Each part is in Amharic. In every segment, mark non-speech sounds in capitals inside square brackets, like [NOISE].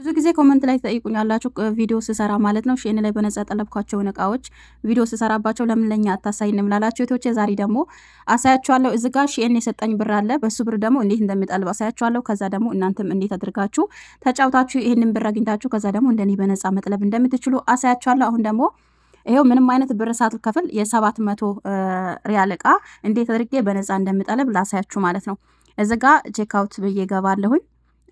ብዙ ጊዜ ኮመንት ላይ ትጠይቁኛላችሁ ቪዲዮ ስሰራ ማለት ነው ሼን ላይ በነጻ ጠለብኳቸውን እቃዎች ቪዲዮ ስሰራባቸው ለምን ለኛ አታሳይ እንምላላቸው እህቶቼ ዛሬ ደግሞ አሳያችኋለሁ። እዚ ጋር ሼን የሰጠኝ ብር አለ። በሱ ብር ደግሞ እንዴት እንደሚጠልብ አሳያችኋለሁ። ከዛ ደግሞ እናንተም እንዴት አድርጋችሁ ተጫውታችሁ ይህንን ብር አግኝታችሁ ከዛ ደግሞ እንደኔ በነጻ መጥለብ እንደምትችሉ አሳያችኋለሁ። አሁን ደግሞ ይሄው ምንም አይነት ብር ሳትከፍል የሰባት መቶ ሪያል እቃ እንዴት አድርጌ በነጻ እንደምጠልብ ላሳያችሁ ማለት ነው። እዚ ጋ ቼክአውት ብዬ ገባለሁኝ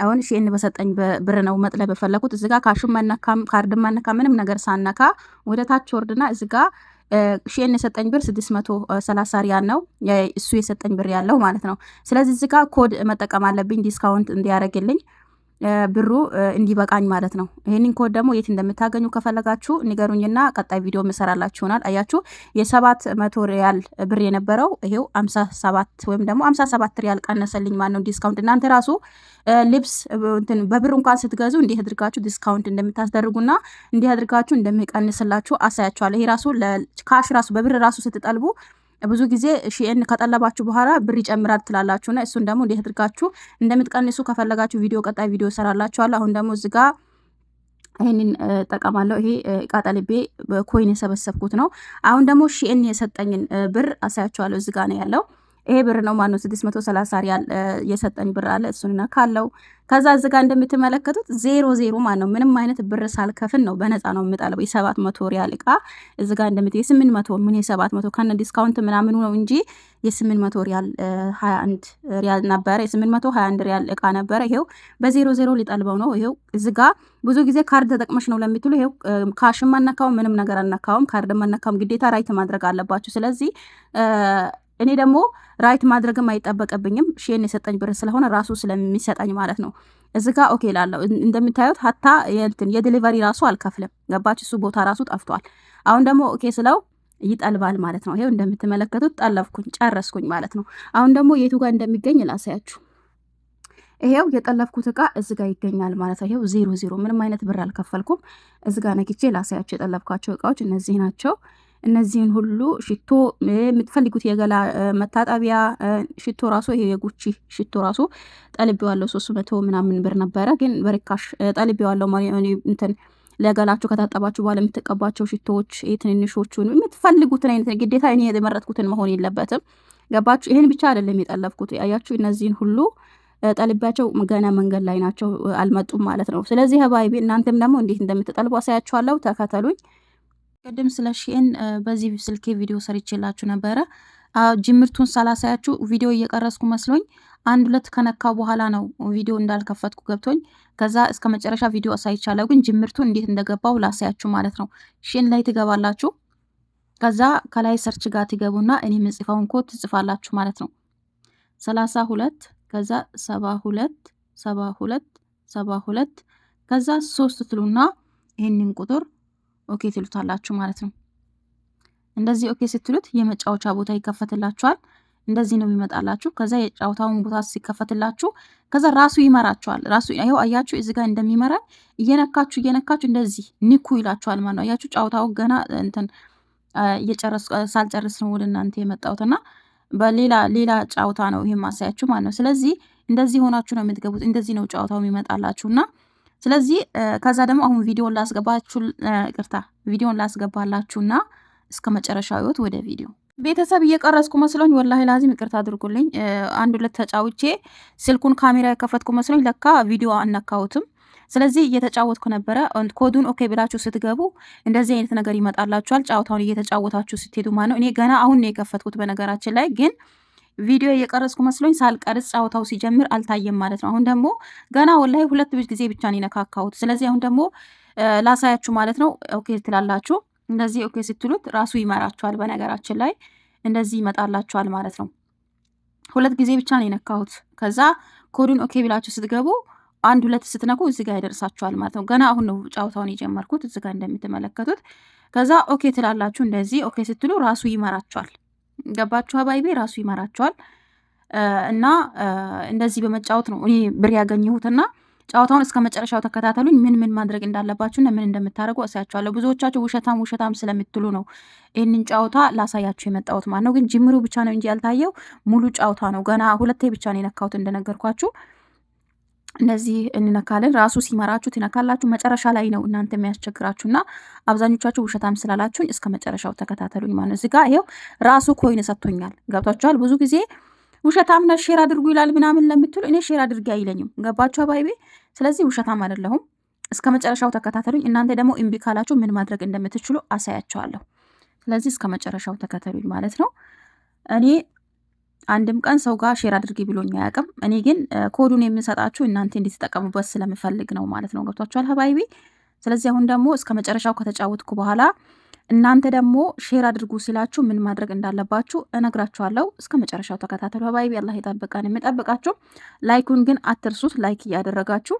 አሁን ሺን በሰጠኝ ብር ነው መጥለብ የፈለኩት። እዚጋ ካሽም ማነካ ካርድ መነካ ምንም ነገር ሳነካ ወደ ታች ወርድና እዚጋ ሺን የሰጠኝ ብር ሰላሳ ሪያል ነው እሱ የሰጠኝ ብር ያለው ማለት ነው። ስለዚህ እዚጋ ኮድ መጠቀም አለብኝ ዲስካውንት እንዲያደርግልኝ ብሩ እንዲበቃኝ ማለት ነው። ይህንን ኮድ ደግሞ የት እንደምታገኙ ከፈለጋችሁ ንገሩኝና ቀጣይ ቪዲዮ ምሰራላችሁ ይሆናል። አያችሁ የሰባት መቶ ሪያል ብር የነበረው ይሄው አምሳ ሰባት ወይም ደግሞ አምሳ ሰባት ሪያል ቀነሰልኝ ማለት ነው ዲስካውንት። እናንተ ራሱ ልብስ በብር እንኳን ስትገዙ እንዲህ አድርጋችሁ ዲስካውንት እንደምታስደርጉና እንዲህ አድርጋችሁ እንደሚቀንስላችሁ አሳያችኋለሁ። ይሄ ራሱ ካሽ ራሱ በብር ራሱ ስትጠልቡ ብዙ ጊዜ ሺኤን ከጠለባችሁ በኋላ ብር ይጨምራል ትላላችሁና እሱን ደግሞ እንዴት አድርጋችሁ እንደምትቀንሱ ከፈለጋችሁ ቪዲዮ ቀጣይ ቪዲዮ ሰራላችኋል። አሁን ደግሞ እዚህ ጋር ይህንን ጠቀማለሁ። ይሄ ቃጠልቤ ኮይን የሰበሰብኩት ነው። አሁን ደግሞ ሺኤን የሰጠኝን ብር አሳያችኋለሁ። እዚህ ጋር ነው ያለው ይሄ ብር ነው ማነው ስድስት መቶ ሰላሳ ሪያል የሰጠኝ ብር አለ። እሱን ነካለው። ከዛ እዚ ጋር እንደምትመለከቱት ዜሮ ዜሮ ማነው ምንም አይነት ብር ሳልከፍን ነው በነፃ ነው የምጠለው። የሰባት መቶ ሪያል እቃ እዚ ጋር እንደምት የስምንት መቶ ምን የሰባት መቶ ከነ ዲስካውንት ምናምኑ ነው እንጂ የስምንት መቶ ሪያል ሀያ አንድ ሪያል ነበረ። የስምንት መቶ ሀያ አንድ ሪያል እቃ ነበረ። ይሄው በዜሮ ዜሮ ሊጠልበው ነው። ይሄው እዚ ጋ ብዙ ጊዜ ካርድ ተጠቅመሽ ነው ለሚትሉ ይሄው ካሽም አነካውም ምንም ነገር አነካውም፣ ካርድም አነካውም። ግዴታ ራይት ማድረግ አለባችሁ። ስለዚህ እኔ ደግሞ ራይት ማድረግም አይጠበቅብኝም። ሼን የሰጠኝ ብር ስለሆነ ራሱ ስለሚሰጠኝ ማለት ነው። እዚ ጋ ኦኬ ላለው እንደምታዩት ሀታ የሊቨሪ የዴሊቨሪ ራሱ አልከፍልም። ገባች? እሱ ቦታ ራሱ ጠፍቷል። አሁን ደግሞ ኦኬ ስለው ይጠልባል ማለት ነው። ይሄው እንደምትመለከቱት ጠለፍኩኝ፣ ጨረስኩኝ ማለት ነው። አሁን ደግሞ የቱ ጋር እንደሚገኝ ላሳያችሁ። ይሄው የጠለፍኩት እቃ እዚ ጋ ይገኛል ማለት ነው። ይሄው ዜሮ ዜሮ፣ ምንም አይነት ብር አልከፈልኩም። እዚ ጋ ነግቼ ላሳያቸው የጠለፍኳቸው እቃዎች እነዚህ ናቸው። እነዚህን ሁሉ ሽቶ የምትፈልጉት የገላ መታጠቢያ ሽቶ ራሱ ይሄ የጉቺ ሽቶ ራሱ ጠልቤዋለሁ። ሶስት መቶ ምናምን ብር ነበረ፣ ግን በርካሽ ጠልቤዋለሁ። እንትን ለገላችሁ ከታጠባችሁ በኋላ የምትቀባቸው ሽቶዎች ትንንሾቹን፣ የምትፈልጉትን አይነት ግዴታ እኔ የመረጥኩትን መሆን የለበትም። ገባችሁ? ይህን ብቻ አይደለም የጠለፍኩት። ያያችሁ እነዚህን ሁሉ ጠልቢያቸው ገና መንገድ ላይ ናቸው፣ አልመጡም ማለት ነው። ስለዚህ ህባይቤ እናንተም ደግሞ እንዴት እንደምትጠልቡ አሳያችኋለሁ። ተከተሉኝ። ቅድም ስለ ሺኤን በዚህ ስልኬ ቪዲዮ ሰርቼላችሁ ነበረ። ጅምርቱን ሳላሳያችሁ ቪዲዮ እየቀረስኩ መስሎኝ አንድ ሁለት ከነካ በኋላ ነው ቪዲዮ እንዳልከፈትኩ ገብቶኝ፣ ከዛ እስከ መጨረሻ ቪዲዮ ሳይቻለው ግን ጅምርቱ እንዴት እንደገባው ላሳያችሁ ማለት ነው። ሺኤን ላይ ትገባላችሁ። ከዛ ከላይ ሰርች ጋር ትገቡና እኔ የምጽፈውን ኮድ ትጽፋላችሁ ማለት ነው። ሰላሳ ሁለት ከዛ ሰባ ሁለት ሰባ ሁለት ሰባ ሁለት ከዛ ሶስት ትሉና ይህንን ቁጥር ኦኬ ትሉታላችሁ ማለት ነው። እንደዚህ ኦኬ ስትሉት የመጫወቻ ቦታ ይከፈትላችኋል። እንደዚህ ነው የሚመጣላችሁ። ከዛ የጫወታውን ቦታ ሲከፈትላችሁ ከዛ ራሱ ይመራችኋል። ራሱ ይኸው አያችሁ እዚህ ጋር እንደሚመራ እየነካችሁ እየነካችሁ እንደዚህ ኒኩ ይላችኋል ማለት ነው። አያችሁ ጫወታው ገና እንትን እየጨረሱ ሳልጨርስ ነው ወደ እናንተ የመጣሁትና በሌላ ሌላ ጫወታ ነው ይህም ማሳያችሁ ማለት ነው። ስለዚህ እንደዚህ ሆናችሁ ነው የምትገቡት። እንደዚህ ነው ጫወታው የሚመጣላችሁና ስለዚህ ከዛ ደግሞ አሁን ቪዲዮን ላስገባችሁ፣ ቅርታ ቪዲዮን ላስገባላችሁና እስከ መጨረሻ ህይወት ወደ ቪዲዮ ቤተሰብ እየቀረስኩ መስሎኝ ወላሂ ላዚም ይቅርታ አድርጉልኝ። አንድ ሁለት ተጫውቼ ስልኩን ካሜራ የከፈትኩ መስሎኝ ለካ ቪዲዮ አነካሁትም። ስለዚህ እየተጫወትኩ ነበረ። ኮዱን ኦኬ ብላችሁ ስትገቡ እንደዚህ አይነት ነገር ይመጣላችኋል። ጨዋታውን እየተጫወታችሁ ስትሄዱ ማለት ነው። እኔ ገና አሁን ነው የከፈትኩት በነገራችን ላይ ግን ቪዲዮ እየቀረጽኩ መስሎኝ ሳልቀርጽ ጫወታው ሲጀምር አልታየም ማለት ነው። አሁን ደግሞ ገና ወላሂ ሁለት ጊዜ ብቻ ነው የነካካሁት። ስለዚህ አሁን ደግሞ ላሳያችሁ ማለት ነው። ኦኬ ትላላችሁ እንደዚህ ኦኬ ስትሉት ራሱ ይመራችኋል። በነገራችን ላይ እንደዚህ ይመጣላችኋል ማለት ነው። ሁለት ጊዜ ብቻ ነው የነካሁት። ከዛ ኮዱን ኦኬ ብላችሁ ስትገቡ አንድ ሁለት ስትነኩ እዚህ ጋር ያደርሳችኋል ማለት ነው። ገና አሁን ነው ጫወታውን የጀመርኩት እዚህ ጋር እንደምትመለከቱት። ከዛ ኦኬ ትላላችሁ። እንደዚህ ኦኬ ስትሉ ራሱ ይመራችኋል። ገባችሁ አባይቤ ራሱ ይመራቸዋል። እና እንደዚህ በመጫወት ነው እኔ ብር ያገኘሁትና ጨዋታውን እስከ መጨረሻው ተከታተሉኝ። ምን ምን ማድረግ እና ምን እንደምታደርጉ አሳያችኋለሁ። ብዙዎቻችሁ ውሸታም ውሸታም ስለምትሉ ነው ይህንን ጨዋታ ላሳያችሁ የመጣሁት ማለት ነው። ግን ጅምሩ ብቻ ነው እንጂ ያልታየው ሙሉ ጨዋታ ነው። ገና ሁለቴ ብቻ ነው የነካሁት እንደነገርኳችሁ። እነዚህ እንነካለን። ራሱ ሲመራችሁ ትነካላችሁ። መጨረሻ ላይ ነው እናንተ የሚያስቸግራችሁና አብዛኞቻችሁ ውሸታም ስላላችሁኝ እስከ መጨረሻው ተከታተሉኝ ማለት እዚህ እዚጋ ይኸው ራሱ ኮይን ሰጥቶኛል። ገብቷችኋል? ብዙ ጊዜ ውሸታም ነህ ሼር አድርጉ ይላል ምናምን ለምትሉ እኔ ሼር አድርጌ አይለኝም። ገባችሁ አባይቤ? ስለዚህ ውሸታም አይደለሁም። እስከ መጨረሻው ተከታተሉኝ። እናንተ ደግሞ እምቢ ካላችሁ ምን ማድረግ እንደምትችሉ አሳያቸዋለሁ። ስለዚህ እስከ መጨረሻው ተከተሉኝ ማለት ነው። እኔ አንድም ቀን ሰው ጋር ሼር አድርጊ ብሎኝ አያውቅም። እኔ ግን ኮዱን የምሰጣችሁ እናንተ እንድትጠቀሙበት ስለምፈልግ ነው ማለት ነው። ገብቷችኋል ሀባይቢ? ስለዚህ አሁን ደግሞ እስከ መጨረሻው ከተጫወትኩ በኋላ እናንተ ደግሞ ሼር አድርጉ ሲላችሁ ምን ማድረግ እንዳለባችሁ እነግራችኋለሁ። እስከ መጨረሻው ተከታተሉ ሀባይቢ። አላህ የጠብቀን የሚጠብቃችሁ። ላይኩን ግን አትርሱት፣ ላይክ እያደረጋችሁ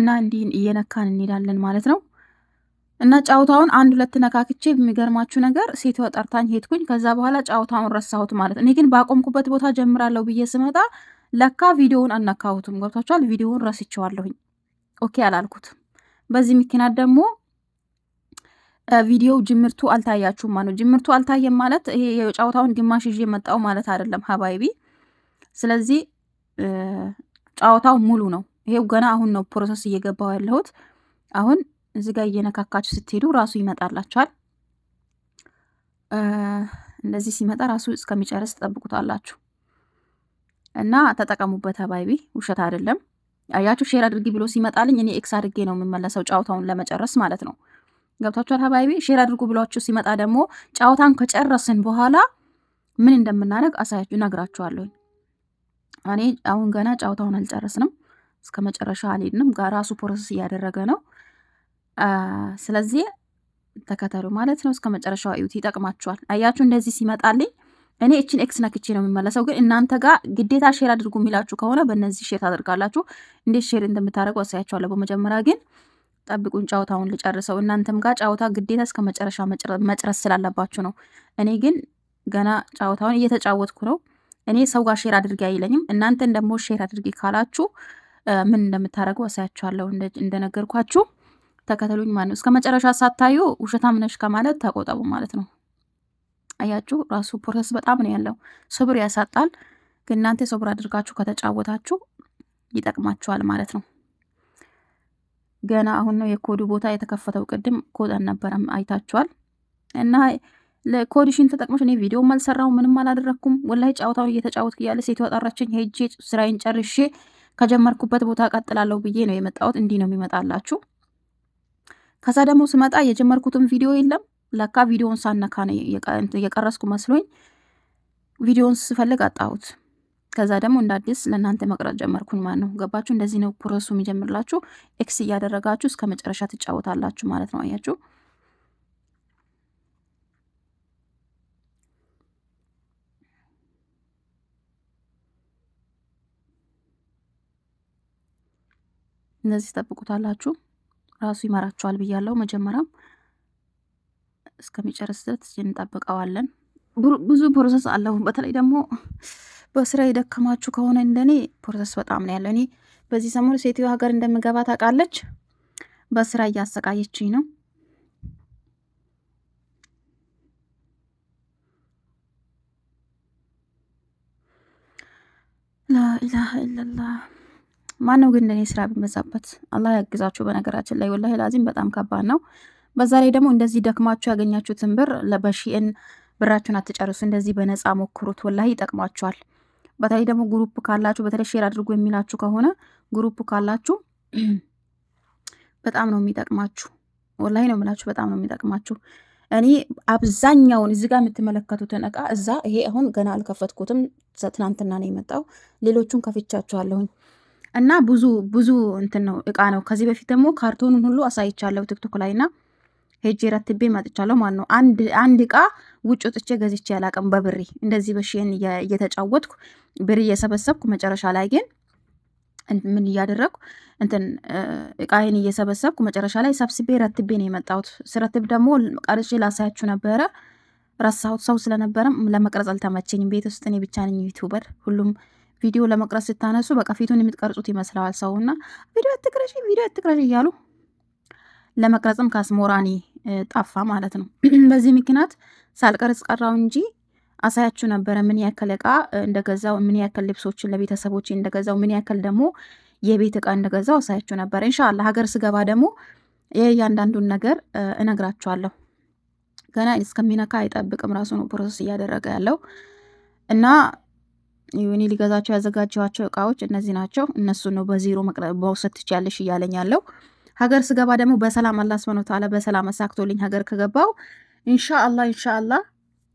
እና እንዲህን እየነካን እንሄዳለን ማለት ነው። እና ጫውታውን አንድ ሁለት ነካክቼ የሚገርማችሁ ነገር ሴት ጠርታኝ ሄድኩኝ። ከዛ በኋላ ጨዋታውን ረሳሁት ማለት እኔ ግን ባቆምኩበት ቦታ ጀምራለሁ ብዬ ስመጣ ለካ ቪዲዮውን አልነካሁትም። ገብታችኋል? ቪዲዮውን ረስቼዋለሁኝ። ኦኬ አላልኩትም። በዚህ ምክንያት ደግሞ ቪዲዮው ጅምርቱ አልታያችሁም ማለት ነው። ጅምርቱ አልታየም ማለት ይሄ የጫውታውን ግማሽ ይዤ መጣው ማለት አይደለም ሀባይቢ። ስለዚህ ጨዋታው ሙሉ ነው። ይሄው ገና አሁን ነው ፕሮሰስ እየገባው ያለሁት አሁን እዚ ጋር እየነካካችሁ ስትሄዱ ራሱ ይመጣላችኋል። እንደዚህ ሲመጣ ራሱ እስከሚጨርስ ትጠብቁታላችሁ እና ተጠቀሙበት። አባይቢ ውሸት አይደለም። አያችሁ ሼር አድርጊ ብሎ ሲመጣልኝ እኔ ኤክስ አድርጌ ነው የምመለሰው ጫውታውን ለመጨረስ ማለት ነው። ገብታችኋል አባይቢ ሼር አድርጉ ብሏችሁ ሲመጣ ደግሞ ጫውታን ከጨረስን በኋላ ምን እንደምናደርግ አሳያችሁ እነግራችኋለሁ። እኔ አሁን ገና ጫውታውን አልጨረስንም፣ እስከ መጨረሻ አልሄድንም። ራሱ ፕሮሰስ እያደረገ ነው። ስለዚህ ተከተሉ ማለት ነው። እስከ መጨረሻው እዩት፣ ይጠቅማችኋል። አያችሁ እንደዚህ ሲመጣልኝ እኔ እችን ኤክስ ነክቼ ነው የሚመለሰው ግን እናንተ ጋር ግዴታ ሼር አድርጉ የሚላችሁ ከሆነ በእነዚህ ሼር ታደርጋላችሁ። እንዴት ሼር እንደምታደርጉ አሳያችኋለሁ። በመጀመሪያ ግን ጠብቁን፣ ጨዋታውን ልጨርሰው። እናንተም ጋር ጨዋታ ግዴታ እስከ መጨረሻ መጨረስ ስላለባችሁ ነው። እኔ ግን ገና ጨዋታውን እየተጫወትኩ ነው። እኔ ሰው ጋር ሼር አድርጌ አይለኝም። እናንተን ደግሞ ሼር አድርጌ ካላችሁ ምን እንደምታደርጉ አሳያችኋለሁ እንደነገርኳችሁ ተከተሉኝ ማለት ነው። እስከ መጨረሻ ሳታዩ ውሸታም ነሽ ከማለት ተቆጠቡ ማለት ነው። አያችሁ፣ ራሱ ፕሮሰስ በጣም ነው ያለው። ስብር ያሳጣል። ግን እናንተ ስብር አድርጋችሁ ከተጫወታችሁ ይጠቅማችኋል ማለት ነው። ገና አሁን ነው የኮዱ ቦታ የተከፈተው። ቅድም ኮድ አልነበረም አይታችኋል። እና ለኮዲሽን ተጠቅመሽ እኔ ቪዲዮ አልሰራው ምንም አላደረግኩም። ወላሂ ጫወታውን እየተጫወትኩ እያለ ሴቷ ጠራችኝ። ሄጄ ስራዬን ጨርሼ ከጀመርኩበት ቦታ ቀጥላለሁ ብዬ ነው የመጣሁት። እንዲህ ነው የሚመጣላችሁ። ከዛ ደግሞ ስመጣ የጀመርኩትን ቪዲዮ የለም ለካ ቪዲዮን ሳነካ ነው የቀረስኩ መስሎኝ ቪዲዮን ስፈልግ አጣሁት። ከዛ ደግሞ እንደ አዲስ ለእናንተ መቅረጽ ጀመርኩኝ ማለት ነው። ገባችሁ? እንደዚህ ነው ፕሮሰሱ የሚጀምርላችሁ። ኤክስ እያደረጋችሁ እስከ መጨረሻ ትጫወታላችሁ ማለት ነው። አያችሁ? እነዚህ ጠብቁታላችሁ። ራሱ ይመራቸዋል ብያለው። መጀመሪያም እስከሚጨርስ ድረስ እንጠብቀዋለን። ብዙ ፕሮሰስ አለው። በተለይ ደግሞ በስራ የደከማችሁ ከሆነ እንደኔ ፕሮሰስ በጣም ነው ያለው። እኔ በዚህ ሰሞን ሴትዮ ሀገር እንደምገባ ታውቃለች። በስራ እያሰቃየችኝ ነው። ላኢላሃ ኢለላህ ማነው ግን እንደኔ ስራ ቢበዛበት? አላህ ያግዛችሁ። በነገራችን ላይ ወላሂ ላዚም በጣም ከባድ ነው። በዛ ላይ ደግሞ እንደዚህ ደክማችሁ ያገኛችሁትን ብር ለበሺእን ብራችሁን አትጨርሱ። እንደዚህ በነፃ ሞክሩት፣ ወላሂ ይጠቅማችኋል። በተለይ ደግሞ ግሩፕ ካላችሁ በተለይ ሼር አድርጉ የሚላችሁ ከሆነ ግሩፕ ካላችሁ [CLEARS THROAT] በጣም ነው የሚጠቅማችሁ። ወላሂ ነው የምላችሁ፣ በጣም ነው የሚጠቅማችሁ። እኔ አብዛኛውን እዚህ ጋር የምትመለከቱትን እቃ እዛ ይሄ አሁን ገና አልከፈትኩትም፣ ትናንትና ነው የመጣው። ሌሎቹን ከፍቻችኋለሁኝ። እና ብዙ ብዙ እንትን ነው እቃ ነው። ከዚህ በፊት ደግሞ ካርቶኑን ሁሉ አሳይቻለሁ ቲክቶክ ላይ እና ሄጄ ረትቤ መጥቻለሁ ማለት ነው። አንድ እቃ ውጭ ወጥቼ ገዝቼ ያላቅም በብሬ እንደዚህ በሽን እየተጫወትኩ ብር እየሰበሰብኩ መጨረሻ ላይ ግን ምን እያደረግኩ እንትን እቃይን እየሰበሰብኩ መጨረሻ ላይ ሰብስቤ ረትቤ ነው የመጣሁት። ስረትብ ደግሞ ቀርጬ ላሳያችሁ ነበረ፣ ረሳሁት። ሰው ስለነበረም ለመቅረጽ አልተመቸኝም። ቤት ውስጥ እኔ ብቻ ነኝ ዩቱበር ሁሉም ቪዲዮ ለመቅረጽ ስታነሱ በቃ ፊቱን የምትቀርጹት ይመስለዋል ሰውና ቪዲዮ አትቅረሽ፣ ቪዲዮ አትቅረሽ እያሉ ለመቅረጽም ካስሞራኒ ጠፋ ማለት ነው። [CLEARS THROAT] በዚህ ምክንያት ሳልቀርጽ ቀራው እንጂ አሳያችሁ ነበረ ምን ያክል እቃ እንደገዛው፣ ምን ያክል ልብሶችን ለቤተሰቦች እንደገዛው፣ ምን ያክል ደግሞ የቤት እቃ እንደገዛው አሳያችሁ ነበረ። እንሻላ ሀገር ስገባ ደግሞ የእያንዳንዱን ነገር እነግራችኋለሁ። ገና እስከሚነካ አይጠብቅም ራሱ ነው ፕሮሰስ እያደረገ ያለው እና ዩኒ ሊገዛቸው ያዘጋጀኋቸው እቃዎች እነዚህ ናቸው። እነሱ ነው በዜሮ መውሰድ ትችያለሽ እያለኝ ያለው። ሀገር ስገባ ደግሞ በሰላም አላህ ሱብሃነሁ ወተዓላ በሰላም አሳክቶልኝ ሀገር ከገባው ኢንሻአላ ኢንሻአላ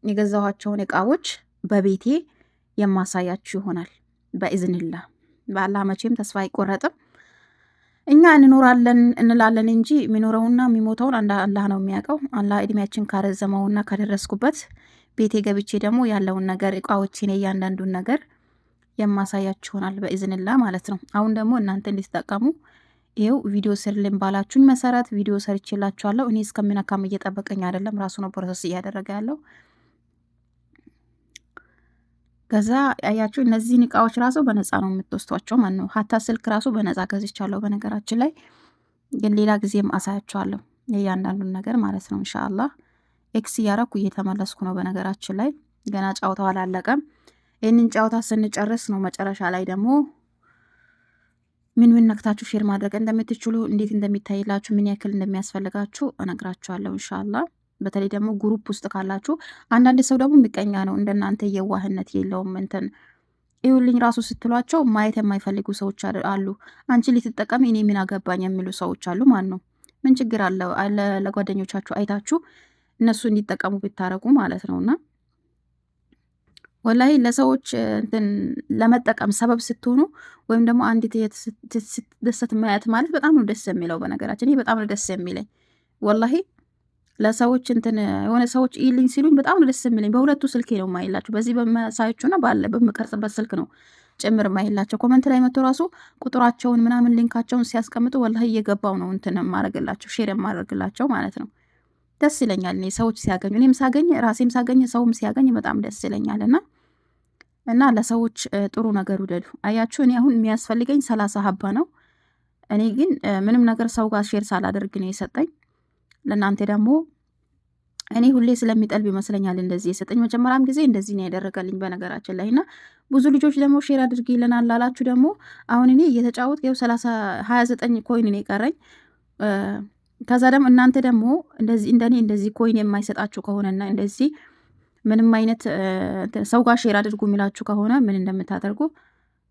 የገዛኋቸውን እቃዎች በቤቴ የማሳያችሁ ይሆናል። በኢዝንላ በአላህ መቼም ተስፋ አይቆረጥም። እኛ እንኖራለን እንላለን እንጂ የሚኖረውና የሚሞተውን አንድ አላህ ነው የሚያውቀው። አላህ እድሜያችን ካረዘመውና ካደረስኩበት ቤቴ ገብቼ ደግሞ ያለውን ነገር እቃዎችን እያንዳንዱን ነገር የማሳያችሁ ይሆናል በኢዝንላ ማለት ነው። አሁን ደግሞ እናንተ እንድትጠቀሙ ይኸው ቪዲዮ ስርልን ባላችሁኝ መሰረት ቪዲዮ ሰርቼላችኋለሁ። እኔ እስከሚነካም እየጠበቀኝ አይደለም፣ ራሱ ነው ፕሮሰስ እያደረገ ያለው። ከዛ ያያችሁ እነዚህን እቃዎች ራሱ በነፃ ነው የምትወስቷቸው ማለት ነው። ሀታ ስልክ ራሱ በነፃ ገዝቻለሁ። በነገራችን ላይ ግን ሌላ ጊዜም አሳያችኋለሁ እያንዳንዱን ነገር ማለት ነው ኢንሻአላህ። ኤክስ እያረኩ እየተመለስኩ ነው። በነገራችን ላይ ገና ጨዋታው አላለቀም። ይህንን ጨዋታ ስንጨርስ ነው መጨረሻ ላይ ደግሞ ምን ምን ነክታችሁ ሼር ማድረግ እንደምትችሉ እንዴት እንደሚታይላችሁ ምን ያክል እንደሚያስፈልጋችሁ እነግራችኋለሁ እንሻላ። በተለይ ደግሞ ግሩፕ ውስጥ ካላችሁ አንዳንድ ሰው ደግሞ ምቀኛ ነው፣ እንደናንተ የዋህነት የለውም እንትን ይሁልኝ ራሱ ስትሏቸው ማየት የማይፈልጉ ሰዎች አሉ። አንቺ ልትጠቀሚ እኔ ምን አገባኝ የሚሉ ሰዎች አሉ። ማን ነው ምን ችግር አለ? ለጓደኞቻችሁ አይታችሁ እነሱ እንዲጠቀሙ ቢታረጉ ማለት ነው። እና ወላሂ ለሰዎች እንትን ለመጠቀም ሰበብ ስትሆኑ ወይም ደግሞ አንዲት ስትደሰት ማየት ማለት በጣም ነው ደስ የሚለው። በነገራችን ይህ በጣም ነው ደስ የሚለኝ ወላሂ ለሰዎች እንትን የሆነ ሰዎች ኢልኝ ሲሉኝ በጣም ነው ደስ የሚለኝ። በሁለቱ ስልኬ ነው ማይላቸው፣ በዚህ በመሳዮቹና ባለ በምቀርጽበት ስልክ ነው ጭምር ማይላቸው። ኮመንት ላይ መቶ ራሱ ቁጥራቸውን ምናምን ሊንካቸውን ሲያስቀምጡ ወላሂ እየገባው ነው እንትን ማረግላቸው ሼር የማረግላቸው ማለት ነው። ደስ ይለኛል። እኔ ሰዎች ሲያገኙ እኔም ሳገኝ ራሴም ሳገኝ ሰውም ሲያገኝ በጣም ደስ ይለኛል እና እና ለሰዎች ጥሩ ነገር ውደዱ። አያችሁ እኔ አሁን የሚያስፈልገኝ ሰላሳ ሀባ ነው። እኔ ግን ምንም ነገር ሰው ጋር ሼር ሳላደርግ ነው የሰጠኝ። ለእናንተ ደግሞ እኔ ሁሌ ስለሚጠልብ ይመስለኛል እንደዚህ የሰጠኝ። መጀመሪያም ጊዜ እንደዚህ ነው ያደረገልኝ በነገራችን ላይ እና ብዙ ልጆች ደግሞ ሼር አድርግ ይለናል ላላችሁ ደግሞ አሁን እኔ እየተጫወት ው ሰላሳ ሀያ ዘጠኝ ኮይን ነው ቀረኝ ከዛ ደግሞ እናንተ ደግሞ እንደዚህ እንደኔ እንደዚህ ኮይን የማይሰጣችሁ ከሆነና እንደዚህ ምንም አይነት ሰው ጋር ሼር አድርጉ የሚላችሁ ከሆነ ምን እንደምታደርጉ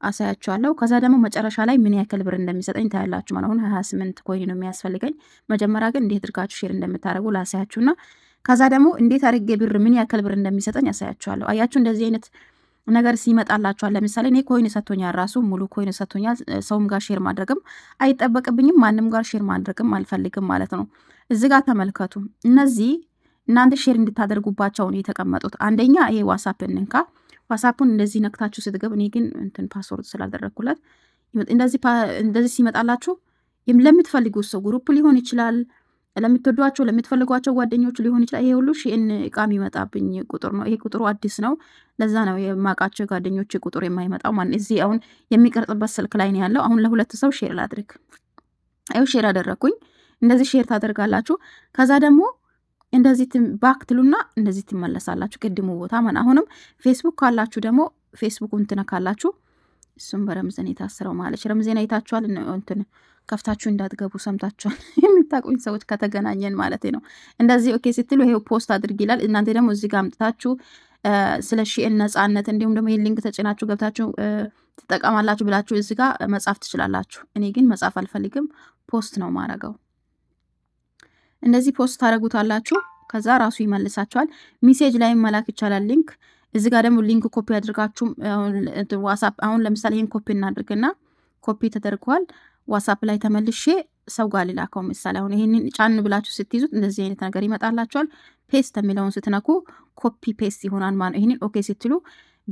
አሳያችኋለሁ። ከዛ ደግሞ መጨረሻ ላይ ምን ያክል ብር እንደሚሰጠኝ ታያላችሁ። ማለሁን ሀያ ስምንት ኮይን ነው የሚያስፈልገኝ። መጀመሪያ ግን እንዴት አድርጋችሁ ሼር እንደምታደርጉ ላሳያችሁና ከዛ ደግሞ እንዴት አድርጌ ብር ምን ያክል ብር እንደሚሰጠኝ አሳያችኋለሁ። አያችሁ እንደዚህ አይነት ነገር ሲመጣላቸዋል። ለምሳሌ እኔ ኮይን ሰቶኛል ራሱ ሙሉ ኮይን ሰቶኛል ሰውም ጋር ሼር ማድረግም አይጠበቅብኝም፣ ማንም ጋር ሼር ማድረግም አልፈልግም ማለት ነው። እዚ ጋር ተመልከቱ። እነዚህ እናንተ ሼር እንድታደርጉባቸው ነው የተቀመጡት። አንደኛ ይሄ ዋሳፕ እንንካ። ዋሳፑን እንደዚህ ነክታችሁ ስትገብ፣ እኔ ግን እንትን ፓስወርድ ስላደረግኩለት እንደዚህ ሲመጣላችሁ ለምትፈልጉት ሰው ግሩፕ ሊሆን ይችላል ለምትወዷቸው ለምትፈልጓቸው ጓደኞች ሊሆን ይችላል። ይሄ ሁሉ ሺእን እቃ የሚመጣብኝ ቁጥር ነው። ይሄ ቁጥሩ አዲስ ነው። ለዛ ነው የማውቃቸው ጓደኞች ቁጥር የማይመጣው። ማን እዚህ አሁን የሚቀርጽበት ስልክ ላይ ነው ያለው። አሁን ለሁለት ሰው ሼር ላድርግ። ይኸው ሼር አደረግኩኝ። እንደዚህ ሼር ታደርጋላችሁ። ከዛ ደግሞ እንደዚህ ባክ ትሉና እንደዚህ ትመለሳላችሁ። ቅድሙ ቦታ ማን አሁንም ፌስቡክ ካላችሁ ደግሞ ፌስቡክ እንትን እሱም በረምዘን የታስረው ማለች ረምዜና ይታችኋል እንትን ከፍታችሁ እንዳትገቡ ሰምታችኋል። [LAUGHS] የሚታቁኝ ሰዎች ከተገናኘን ማለት ነው። እንደዚህ ኦኬ ስትሉ ይሄው ፖስት አድርግ ይላል። እናንተ ደግሞ እዚህ ጋር አምጥታችሁ ስለ ሺኤን ነጻነት እንዲሁም ደግሞ ይህን ሊንክ ተጭናችሁ ገብታችሁ ትጠቀማላችሁ ብላችሁ እዚህ ጋር መጻፍ ትችላላችሁ። እኔ ግን መጻፍ አልፈልግም፣ ፖስት ነው ማረገው። እንደዚህ ፖስት ታደረጉታላችሁ። ከዛ ራሱ ይመልሳችኋል። ሚሴጅ ላይ መላክ ይቻላል ሊንክ እዚህ ጋር ደግሞ ሊንክ ኮፒ አድርጋችሁ ዋትሳፕ አሁን ለምሳሌ ይህን ኮፒ እናድርግና ኮፒ ተደርገዋል። ዋትሳፕ ላይ ተመልሼ ሰው ጋር ልላከው ምሳሌ አሁን ይህንን ጫን ብላችሁ ስትይዙት እንደዚህ አይነት ነገር ይመጣላችኋል። ፔስት የሚለውን ስትነኩ ኮፒ ፔስት ይሆናል ማለት ይህንን ኦኬ ስትሉ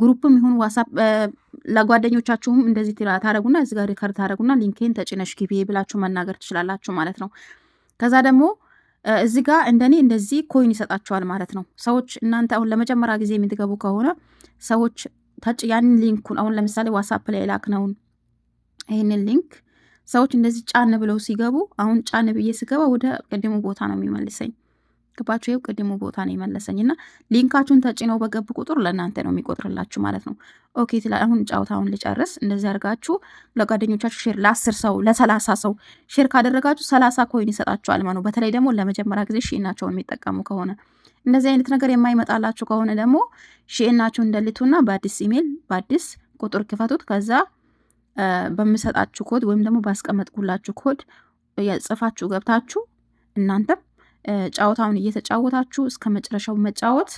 ግሩፕም ይሁን ዋትሳፕ ለጓደኞቻችሁም እንደዚህ ታደረጉና እዚህ ጋር ሪከርድ ታደረጉና ሊንኬን ተጭነሽ ግቢ ብላችሁ መናገር ትችላላችሁ ማለት ነው። ከዛ ደግሞ እዚ ጋ እንደኔ እንደዚህ ኮይን ይሰጣችኋል ማለት ነው። ሰዎች እናንተ አሁን ለመጀመሪያ ጊዜ የምትገቡ ከሆነ ሰዎች ያንን ሊንኩን አሁን ለምሳሌ ዋትሳፕ ላይ የላክነውን ይህንን ሊንክ ሰዎች እንደዚህ ጫን ብለው ሲገቡ አሁን ጫን ብዬ ስገባ ወደ ቅድሙ ቦታ ነው የሚመልሰኝ። ግባችሁ ይኸው ቅድሙ ቦታ ነው የመለሰኝ እና ሊንካችሁን ተጭነው በገቡ ቁጥር ለእናንተ ነው የሚቆጥርላችሁ ማለት ነው። ኦኬ ትላ አሁን ጫውታውን ልጨርስ። እንደዚህ አድርጋችሁ ለጓደኞቻችሁ ሼር ለአስር ሰው ለሰላሳ ሰው ሼር ካደረጋችሁ ሰላሳ ኮይን ይሰጣችኋል ማለት ነው። በተለይ ደግሞ ለመጀመሪያ ጊዜ ሺናቸውን የሚጠቀሙ ከሆነ እንደዚህ አይነት ነገር የማይመጣላችሁ ከሆነ ደግሞ ሺናችሁን እንደልቱና በአዲስ ኢሜል በአዲስ ቁጥር ክፈቱት ከዛ በምሰጣችሁ ኮድ ወይም ደግሞ ባስቀመጥኩላችሁ ኮድ ጽፋችሁ ገብታችሁ እናንተም ጨዋታውን እየተጫወታችሁ እስከ መጨረሻው መጫወት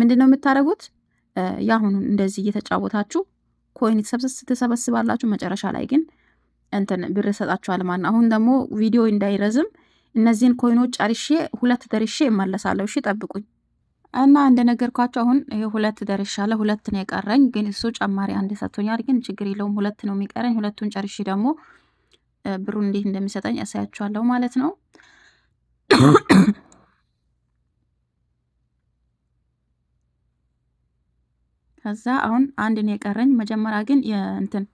ምንድን ነው የምታደርጉት? የአሁኑን እንደዚህ እየተጫወታችሁ ኮይን ትሰበስባላችሁ። መጨረሻ ላይ ግን እንትን ብር እሰጣችኋል ማለት ነው። አሁን ደግሞ ቪዲዮ እንዳይረዝም እነዚህን ኮይኖች ጨርሼ ሁለት ደርሼ እመለሳለሁ። እሺ ጠብቁኝ። እና እንደነገርኳቸው አሁን ሁለት አለ ሁለት ነው የቀረኝ፣ ግን እሱ ጨማሪ አንድ ሰጥቶኛል። ግን ችግር የለውም ሁለት ነው የሚቀረኝ። ሁለቱን ጨርሼ ደግሞ ብሩን እንዴት እንደሚሰጠኝ ያሳያችኋለሁ ማለት ነው። ከዛ አሁን አንድ ነው የቀረኝ። መጀመሪያ ግን የእንትን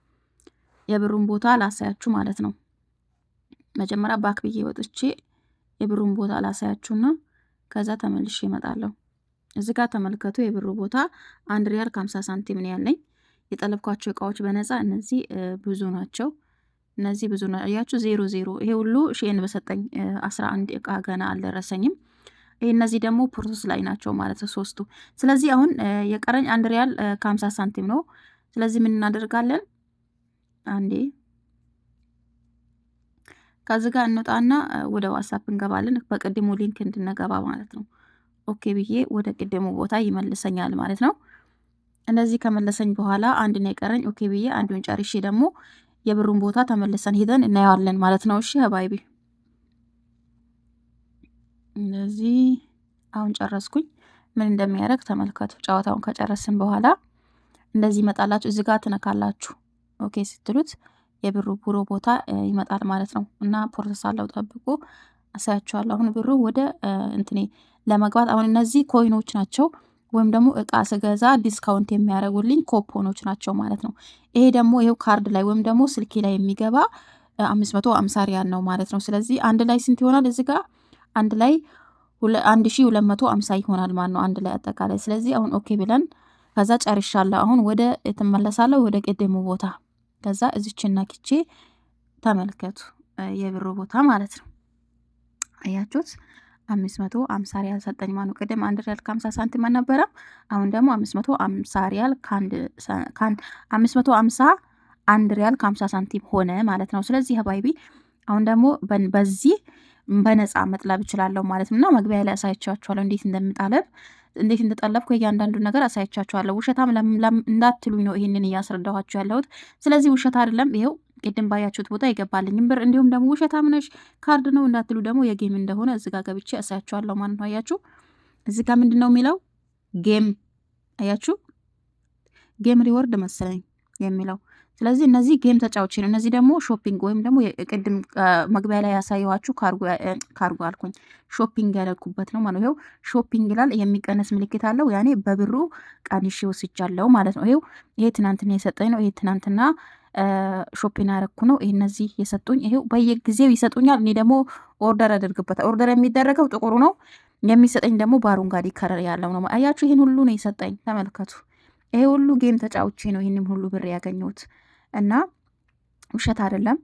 የብሩን ቦታ ላሳያችሁ ማለት ነው። መጀመሪያ ባክ ብዬ ወጥቼ የብሩን ቦታ ላሳያችሁና ከዛ ተመልሼ እመጣለሁ። እዚህ ጋር ተመልከቱ። የብሩ ቦታ አንድ ሪያል ከሀምሳ ሳንቲም ነው ያለኝ። የጠለብኳቸው እቃዎች በነፃ እነዚህ ብዙ ናቸው። እነዚህ ብዙ እያችሁ፣ ዜሮ ዜሮ። ይሄ ሁሉ ሺን በሰጠኝ አስራ አንድ እቃ ገና አልደረሰኝም። ይህ እነዚህ ደግሞ ፕሮሰስ ላይ ናቸው ማለት ሶስቱ። ስለዚህ አሁን የቀረኝ አንድ ሪያል ከሀምሳ ሳንቲም ነው። ስለዚህ ምን እናደርጋለን? አንዴ ከዚህ ጋር እንወጣና ወደ ዋትሳፕ እንገባለን። በቅድሙ ሊንክ እንድንገባ ማለት ነው። ኦኬ ብዬ ወደ ቅድሙ ቦታ ይመልሰኛል ማለት ነው። እንደዚህ ከመለሰኝ በኋላ አንድ ነው የቀረኝ። ኦኬ ብዬ አንዱን ጨርሼ ደግሞ የብሩን ቦታ ተመልሰን ሂደን እናየዋለን ማለት ነው። እሺ ባይቢ እንደዚህ አሁን ጨረስኩኝ። ምን እንደሚያደርግ ተመልከቱ። ጨዋታውን ከጨረስን በኋላ እንደዚህ ይመጣላችሁ፣ እዚህ ጋር ትነካላችሁ። ኦኬ ስትሉት የብሩ ቡሮ ቦታ ይመጣል ማለት ነው። እና ፕሮሰስ አለው ጠብቁ። አሳያችኋለሁ። አሁን ብሩ ወደ እንትኔ ለመግባት አሁን እነዚህ ኮይኖች ናቸው ወይም ደግሞ እቃ ስገዛ ዲስካውንት የሚያደርጉልኝ ኮፖኖች ናቸው ማለት ነው። ይሄ ደግሞ ይኸው ካርድ ላይ ወይም ደግሞ ስልኬ ላይ የሚገባ አምስት መቶ አምሳ ሪያል ነው ማለት ነው። ስለዚህ አንድ ላይ ስንት ይሆናል? እዚህ ጋር አንድ ላይ አንድ ሺ ሁለት መቶ አምሳ ይሆናል ማለት ነው አንድ ላይ አጠቃላይ። ስለዚህ አሁን ኦኬ ብለን ከዛ ጨርሻለሁ። አሁን ወደ ትመለሳለሁ ወደ ቅድሙ ቦታ ከዛ እዚችና ኪቼ ተመልከቱ የብሩ ቦታ ማለት ነው። አያችሁት? አምስት መቶ አምሳ ሪያል ሰጠኝ ማነው። ቅድም አንድ ሪያል ከአምሳ ሳንቲም አልነበረም? አሁን ደግሞ አምስት መቶ አምሳ ሪያል ከአንድ አምስት መቶ አምሳ አንድ ሪያል ከአምሳ ሳንቲም ሆነ ማለት ነው። ስለዚህ ባይቢ አሁን ደግሞ በዚህ በነፃ መጥለብ እችላለሁ ማለት ነው። እና መግቢያ ላይ አሳይቻችኋለሁ እንዴት እንደምጣለብ እንዴት እንደጠለብኩ እያንዳንዱ ነገር አሳይቻችኋለሁ። ውሸታም እንዳትሉኝ ነው ይህንን እያስረዳኋችሁ ያለሁት። ስለዚህ ውሸት አይደለም ይኸው ቅድም ባያችሁት ቦታ ይገባልኝም ብር እንዲሁም ደግሞ ውሸታም ነሽ ካርድ ነው እንዳትሉ ደግሞ የጌም እንደሆነ እዚጋ ገብቼ እሳያችኋለሁ ማለት ነው። አያችሁ እዚጋ ምንድን ነው የሚለው ጌም አያችሁ ጌም ሪወርድ መሰለኝ የሚለው ስለዚህ እነዚህ ጌም ተጫዎችን፣ እነዚህ ደግሞ ሾፒንግ ወይም ደግሞ ቅድም መግቢያ ላይ ያሳየኋችሁ ካርጎ አልኩኝ ሾፒንግ ያደረኩበት ነው ማለት ይኸው ሾፒንግ ይላል የሚቀነስ ምልክት አለው። ያኔ በብሩ ቀንሼ ወስጃለው ማለት ነው። ይኸው ይሄ ትናንትና የሰጠኝ ነው። ይሄ ትናንትና ሾፒን አረኩ ነው። ይሄ እነዚህ የሰጡኝ ይሄው በየጊዜው ይሰጡኛል። እኔ ደግሞ ኦርደር አደርግበታል። ኦርደር የሚደረገው ጥቁሩ ነው የሚሰጠኝ ደግሞ በአረንጓዴ ከረር ያለው ነው። አያችሁ፣ ይህን ሁሉ ነው የሰጠኝ። ተመልከቱ። ይሄ ሁሉ ጌም ተጫውቼ ነው ይህንም ሁሉ ብር ያገኘሁት። እና ውሸት አይደለም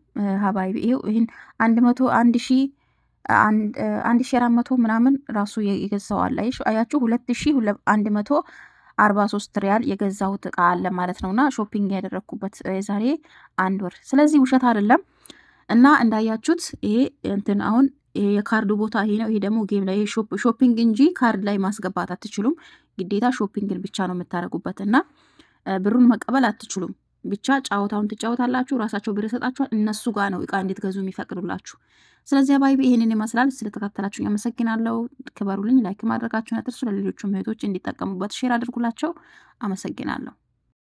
ሀባይቢ ይሄው ይህን አንድ መቶ አንድ ሺ አንድ ሺ አራት መቶ ምናምን ራሱ የገዛው አለ አያችሁ ሁለት ሺ አንድ መቶ አርባ ሶስት ሪያል የገዛሁት እቃ አለ ማለት ነውና ሾፒንግ ያደረግኩበት የዛሬ አንድ ወር ስለዚህ ውሸት አይደለም እና እንዳያችሁት ይሄ እንትን አሁን የካርዱ ቦታ ይሄ ነው። ይሄ ደግሞ ጌም ላይ ሾፒንግ እንጂ ካርድ ላይ ማስገባት አትችሉም። ግዴታ ሾፒንግን ብቻ ነው የምታደርጉበት እና ብሩን መቀበል አትችሉም። ብቻ ጫወታውን ትጫወታላችሁ። ራሳቸው ብር ይሰጣችኋል። እነሱ ጋር ነው እቃ እንድትገዙ የሚፈቅዱላችሁ። ስለዚህ አባይቢ ይህንን ይመስላል። ስለተከተላችሁ አመሰግናለሁ። ክበሩልኝ። ላይክ ማድረጋችሁን አትርሱ። ለሌሎቹ እህቶች እንዲጠቀሙበት ሼር አድርጉላቸው። አመሰግናለሁ።